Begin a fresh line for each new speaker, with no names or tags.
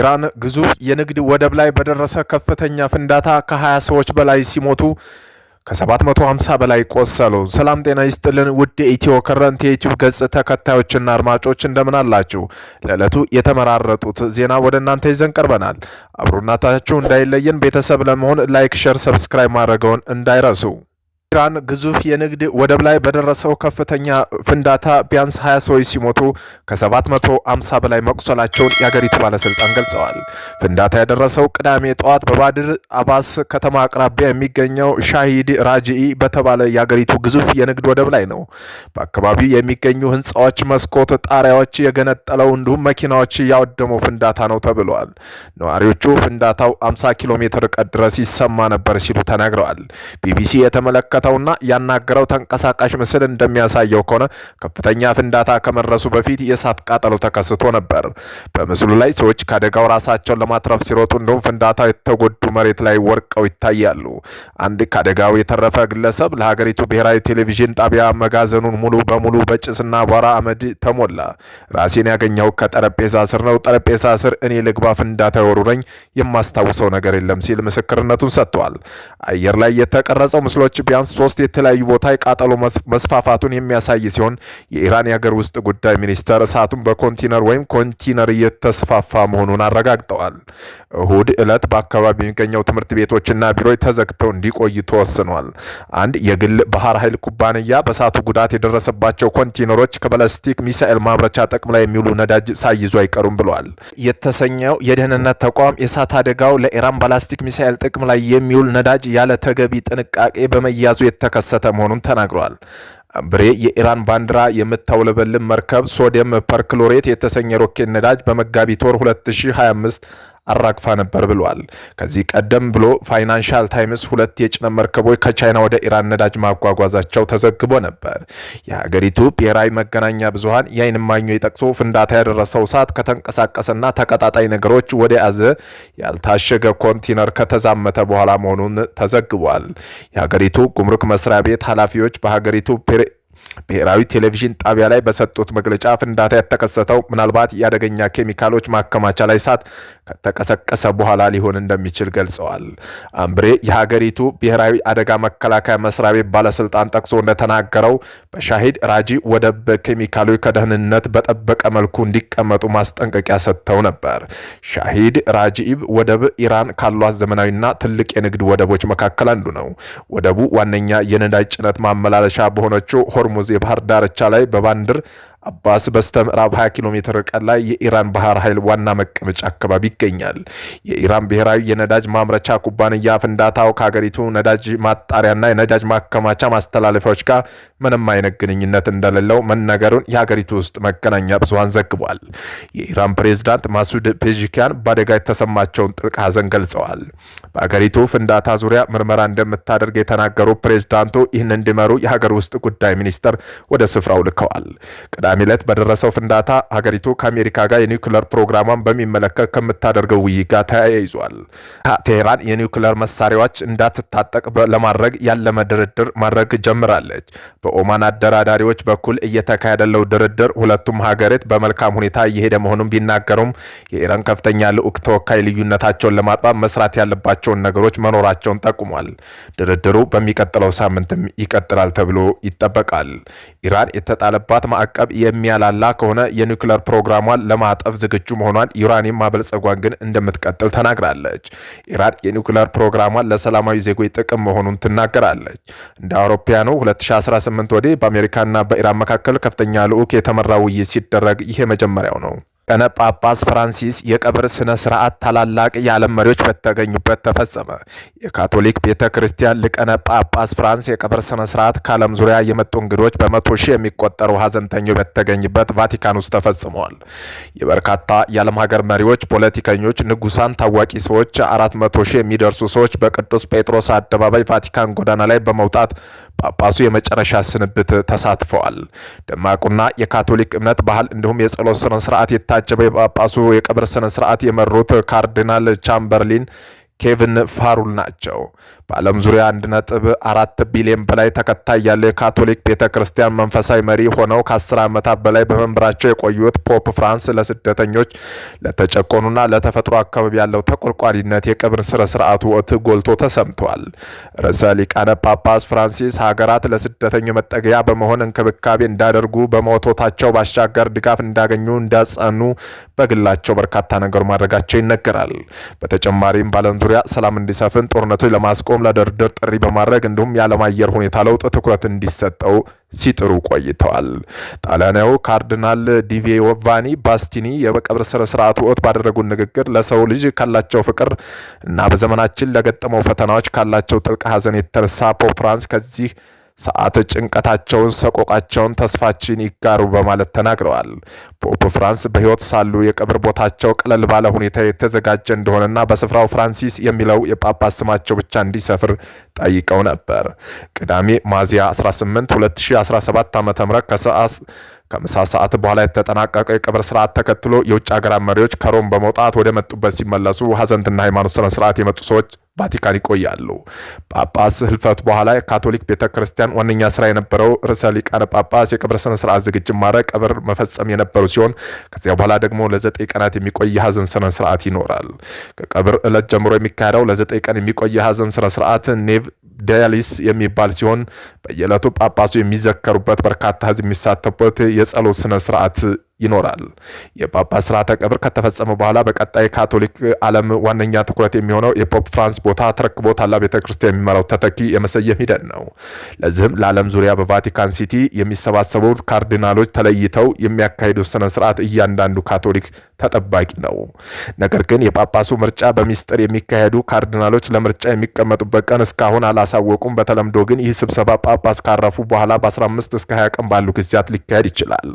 ኢራን ግዙፍ የንግድ ወደብ ላይ በደረሰ ከፍተኛ ፍንዳታ ከ20 ሰዎች በላይ ሲሞቱ ከ750 በላይ ቆሰሉ። ሰላም ጤና ይስጥልን ውድ ኢትዮ ከረንት የዩቲዩብ ገጽ ተከታዮችና አድማጮች እንደምን አላችሁ? ለዕለቱ የተመራረጡት ዜና ወደ እናንተ ይዘን ቀርበናል። አብሮናታችሁ እንዳይለየን ቤተሰብ ለመሆን ላይክ፣ ሸር፣ ሰብስክራይብ ማድረገውን እንዳይረሱ ኢራን ግዙፍ የንግድ ወደብ ላይ በደረሰው ከፍተኛ ፍንዳታ ቢያንስ 20 ሰዎች ሲሞቱ ከ750 በላይ መቁሰላቸውን የአገሪቱ ባለስልጣን ገልጸዋል። ፍንዳታ የደረሰው ቅዳሜ ጠዋት በባድር አባስ ከተማ አቅራቢያ የሚገኘው ሻሂድ ራጅኢ በተባለ የአገሪቱ ግዙፍ የንግድ ወደብ ላይ ነው። በአካባቢው የሚገኙ ህንፃዎች መስኮት ጣሪያዎች የገነጠለው እንዲሁም መኪናዎች ያወደመው ፍንዳታ ነው ተብሏል። ነዋሪዎቹ ፍንዳታው 50 ኪሎ ሜትር ርቀት ድረስ ይሰማ ነበር ሲሉ ተናግረዋል። ቢቢሲ የተመለከ ያመለከተውና ያናገረው ተንቀሳቃሽ ምስል እንደሚያሳየው ከሆነ ከፍተኛ ፍንዳታ ከመድረሱ በፊት የእሳት ቃጠሎ ተከስቶ ነበር። በምስሉ ላይ ሰዎች ከአደጋው ራሳቸውን ለማትረፍ ሲሮጡ፣ እንዲሁም ፍንዳታ የተጎዱ መሬት ላይ ወርቀው ይታያሉ። አንድ ከአደጋው የተረፈ ግለሰብ ለሀገሪቱ ብሔራዊ ቴሌቪዥን ጣቢያ መጋዘኑን ሙሉ በሙሉ በጭስና አቧራ አመድ ተሞላ። ራሴን ያገኘው ከጠረጴዛ ስር ነው። ጠረጴዛ ስር እኔ ልግባ፣ ፍንዳታ የወሩረኝ፣ የማስታውሰው ነገር የለም ሲል ምስክርነቱን ሰጥቷል። አየር ላይ የተቀረጸው ምስሎች ቢያንስ ቢያንስ ሶስት የተለያዩ ቦታ የቃጠሎ መስፋፋቱን የሚያሳይ ሲሆን የኢራን የሀገር ውስጥ ጉዳይ ሚኒስተር እሳቱን በኮንቲነር ወይም ኮንቲነር እየተስፋፋ መሆኑን አረጋግጠዋል። እሁድ ዕለት በአካባቢ የሚገኘው ትምህርት ቤቶችና ቢሮዎች ተዘግተው እንዲቆዩ ተወስኗል። አንድ የግል ባህር ኃይል ኩባንያ በእሳቱ ጉዳት የደረሰባቸው ኮንቲነሮች ከበላስቲክ ሚሳኤል ማምረቻ ጥቅም ላይ የሚውሉ ነዳጅ ሳይይዙ አይቀሩም ብለዋል። የተሰኘው የደህንነት ተቋም የእሳት አደጋው ለኢራን ባላስቲክ ሚሳኤል ጥቅም ላይ የሚውል ነዳጅ ያለ ተገቢ ጥንቃቄ በመያዙ በመዘዙ የተከሰተ መሆኑን ተናግሯል። ብሬ የኢራን ባንዲራ የምታውለበልም መርከብ ሶዲየም ፐርክሎሬት የተሰኘ ሮኬት ነዳጅ በመጋቢት ወር 2025 አራግፋ ነበር ብሏል። ከዚህ ቀደም ብሎ ፋይናንሻል ታይምስ ሁለት የጭነት መርከቦች ከቻይና ወደ ኢራን ነዳጅ ማጓጓዛቸው ተዘግቦ ነበር። የሀገሪቱ ብሔራዊ መገናኛ ብዙሃን የአይን እማኞች የጠቅሶ ፍንዳታ ያደረሰው እሳት ከተንቀሳቀሰና ተቀጣጣይ ነገሮች ወደ ያዘ ያልታሸገ ኮንቲነር ከተዛመተ በኋላ መሆኑን ተዘግቧል። የሀገሪቱ ጉምሩክ መስሪያ ቤት ኃላፊዎች በሀገሪቱ ብሔራዊ ቴሌቪዥን ጣቢያ ላይ በሰጡት መግለጫ ፍንዳታ የተከሰተው ምናልባት የአደገኛ ኬሚካሎች ማከማቻ ላይ እሳት ከተቀሰቀሰ በኋላ ሊሆን እንደሚችል ገልጸዋል። አምብሬ የሀገሪቱ ብሔራዊ አደጋ መከላከያ መስሪያ ቤት ባለስልጣን ጠቅሶ እንደተናገረው በሻሂድ ራጂ ወደብ ኬሚካሎች ከደህንነት በጠበቀ መልኩ እንዲቀመጡ ማስጠንቀቂያ ሰጥተው ነበር። ሻሂድ ራጂብ ወደብ ኢራን ካሏት ዘመናዊና ትልቅ የንግድ ወደቦች መካከል አንዱ ነው። ወደቡ ዋነኛ የነዳጅ ጭነት ማመላለሻ በሆነችው ሆርሙዝ የባህር ዳርቻ ላይ በባንድር አባስ በስተ ምዕራብ 20 ኪሎ ሜትር ርቀት ላይ የኢራን ባህር ኃይል ዋና መቀመጫ አካባቢ ይገኛል። የኢራን ብሔራዊ የነዳጅ ማምረቻ ኩባንያ ፍንዳታው ከሀገሪቱ ነዳጅ ማጣሪያና የነዳጅ ማከማቻ ማስተላለፊያዎች ጋር ምንም አይነት ግንኙነት እንደሌለው መነገሩን የሀገሪቱ ውስጥ መገናኛ ብዙሃን ዘግቧል። የኢራን ፕሬዝዳንት ማሱድ ፔዥኪያን በአደጋ የተሰማቸውን ጥልቅ ሀዘን ገልጸዋል። በሀገሪቱ ፍንዳታ ዙሪያ ምርመራ እንደምታደርግ የተናገሩ ፕሬዝዳንቱ ይህን እንዲመሩ የሀገር ውስጥ ጉዳይ ሚኒስተር ወደ ስፍራው ልከዋል። ቅዳሜ ዕለት በደረሰው ፍንዳታ ሀገሪቱ ከአሜሪካ ጋር የኒውክለር ፕሮግራሟን በሚመለከት ከምታደርገው ውይይት ጋር ተያይዟል። ቴሄራን የኒውክለር መሳሪያዎች እንዳትታጠቅ ለማድረግ ያለመ ድርድር ማድረግ ጀምራለች። በኦማን አደራዳሪዎች በኩል እየተካሄደለው ድርድር ሁለቱም ሀገሪት በመልካም ሁኔታ እየሄደ መሆኑን ቢናገሩም የኢራን ከፍተኛ ልዑክ ተወካይ ልዩነታቸውን ለማጥባብ መስራት ያለባቸውን ነገሮች መኖራቸውን ጠቁሟል። ድርድሩ በሚቀጥለው ሳምንትም ይቀጥላል ተብሎ ይጠበቃል። ኢራን የተጣለባት ማዕቀብ የሚያላላ ከሆነ የኒውክለር ፕሮግራሟን ለማጠፍ ዝግጁ መሆኗን፣ ዩራኒየም ማበልጸጓን ግን እንደምትቀጥል ተናግራለች። ኢራን የኒውክለር ፕሮግራሟን ለሰላማዊ ዜጎች ጥቅም መሆኑን ትናገራለች። እንደ አውሮፓያኑ 2018 ወዲህ በአሜሪካና በኢራን መካከል ከፍተኛ ልዑክ የተመራ ውይይት ሲደረግ ይሄ መጀመሪያው ነው። ቀነ ጳጳስ ፍራንሲስ የቀብር ስነ ስርዓት ታላላቅ የዓለም መሪዎች በተገኙበት ተፈጸመ። የካቶሊክ ቤተ ክርስቲያን ሊቃነ ጳጳስ ፍራንስ የቀብር ስነ ስርዓት ከዓለም ዙሪያ የመጡ እንግዶች በመቶ ሺህ የሚቆጠሩ ሀዘንተኞች በተገኙበት ቫቲካን ውስጥ ተፈጽመዋል። የበርካታ የዓለም ሀገር መሪዎች፣ ፖለቲከኞች፣ ንጉሳን፣ ታዋቂ ሰዎች አራት መቶ ሺህ የሚደርሱ ሰዎች በቅዱስ ጴጥሮስ አደባባይ ቫቲካን ጎዳና ላይ በመውጣት ጳጳሱ የመጨረሻ ስንብት ተሳትፈዋል። ደማቁና የካቶሊክ እምነት ባህል እንዲሁም የጸሎት ስነ ስርዓት የታጀበ የጳጳሱ የቀብር ስነ ስርዓት የመሩት ካርዲናል ቻምበርሊን ኬቪን ፋሩል ናቸው። በዓለም ዙሪያ አንድ ነጥብ አራት ቢሊዮን በላይ ተከታይ ያለው የካቶሊክ ቤተ ክርስቲያን መንፈሳዊ መሪ ሆነው ከአስር ዓመታት በላይ በመንበራቸው የቆዩት ፖፕ ፍራንስ ለስደተኞች ለተጨቆኑና ለተፈጥሮ አካባቢ ያለው ተቆርቋሪነት የቀብር ስነ ስርዓቱ ወት ጎልቶ ተሰምቷል። ርዕሰ ሊቃነ ጳጳስ ፍራንሲስ ሀገራት ለስደተኞች መጠገያ በመሆን እንክብካቤ እንዳደርጉ በመወቶታቸው ባሻገር ድጋፍ እንዳገኙ እንዳጸኑ በግላቸው በርካታ ነገር ማድረጋቸው ይነገራል። በተጨማሪም በዓለም ዙሪያ ሰላም እንዲሰፍን ጦርነቶች ለማስቆም ለድርድር ጥሪ በማድረግ እንዲሁም የዓለም አየር ሁኔታ ለውጥ ትኩረት እንዲሰጠው ሲጥሩ ቆይተዋል። ጣሊያናዊ ካርዲናል ዲቪዮቫኒ ባስቲኒ የቀብር ስነ ስርዓቱ ወቅት ባደረጉት ንግግር ለሰው ልጅ ካላቸው ፍቅር እና በዘመናችን ለገጠመው ፈተናዎች ካላቸው ጥልቅ ሐዘን የተነሳ ፖፕ ፍራንስ ከዚህ ሰዓት ጭንቀታቸውን፣ ሰቆቃቸውን፣ ተስፋችን ይጋሩ በማለት ተናግረዋል። ፖፕ ፍራንስ በሕይወት ሳሉ የቀብር ቦታቸው ቀለል ባለ ሁኔታ የተዘጋጀ እንደሆነና በስፍራው ፍራንሲስ የሚለው የጳጳስ ስማቸው ብቻ እንዲሰፍር ጠይቀው ነበር። ቅዳሜ ሚያዝያ 18 2017 ዓ ም ከሰዓት ከምሳ ሰዓት በኋላ የተጠናቀቀው የቀብር ስርዓት ተከትሎ የውጭ ሀገራት መሪዎች ከሮም በመውጣት ወደ መጡበት ሲመለሱ ሀዘንትና ሃይማኖት ስነ ስርዓት የመጡ ሰዎች ቫቲካን ይቆያሉ። ጳጳስ ህልፈቱ በኋላ የካቶሊክ ቤተ ክርስቲያን ዋነኛ ስራ የነበረው ርዕሰ ሊቃነ ጳጳስ የቅብር ስነ ስርዓት ዝግጅ ማድረግ፣ ቅብር መፈጸም የነበሩ ሲሆን ከዚያ በኋላ ደግሞ ለዘጠኝ ቀናት የሚቆይ የሀዘን ስነ ስርዓት ይኖራል። ከቀብር ዕለት ጀምሮ የሚካሄደው ለዘጠኝ ቀን የሚቆይ የሀዘን ስነ ስርዓት ኔቭ ዳያሊስ የሚባል ሲሆን በየዕለቱ ጳጳሱ የሚዘከሩበት በርካታ ህዝብ የሚሳተፉበት የጸሎት ስነ ስርዓት ይኖራል። የጳጳስ ስርዓተ ቀብር ከተፈጸመ በኋላ በቀጣይ ካቶሊክ ዓለም ዋነኛ ትኩረት የሚሆነው የፖፕ ፍራንስ ቦታ ተረክቦ ታላ ቤተ ክርስቲያን የሚመራው ተተኪ የመሰየም ሂደት ነው። ለዚህም ለዓለም ዙሪያ በቫቲካን ሲቲ የሚሰባሰቡ ካርዲናሎች ተለይተው የሚያካሂዱ ስነ ስርዓት እያንዳንዱ ካቶሊክ ተጠባቂ ነው። ነገር ግን የጳጳሱ ምርጫ በሚስጥር የሚካሄዱ ካርዲናሎች ለምርጫ የሚቀመጡበት ቀን እስካሁን አላሳወቁም። በተለምዶ ግን ይህ ስብሰባ ጳጳስ ካረፉ በኋላ በ15 እስከ 20 ቀን ባሉ ጊዜያት ሊካሄድ ይችላል።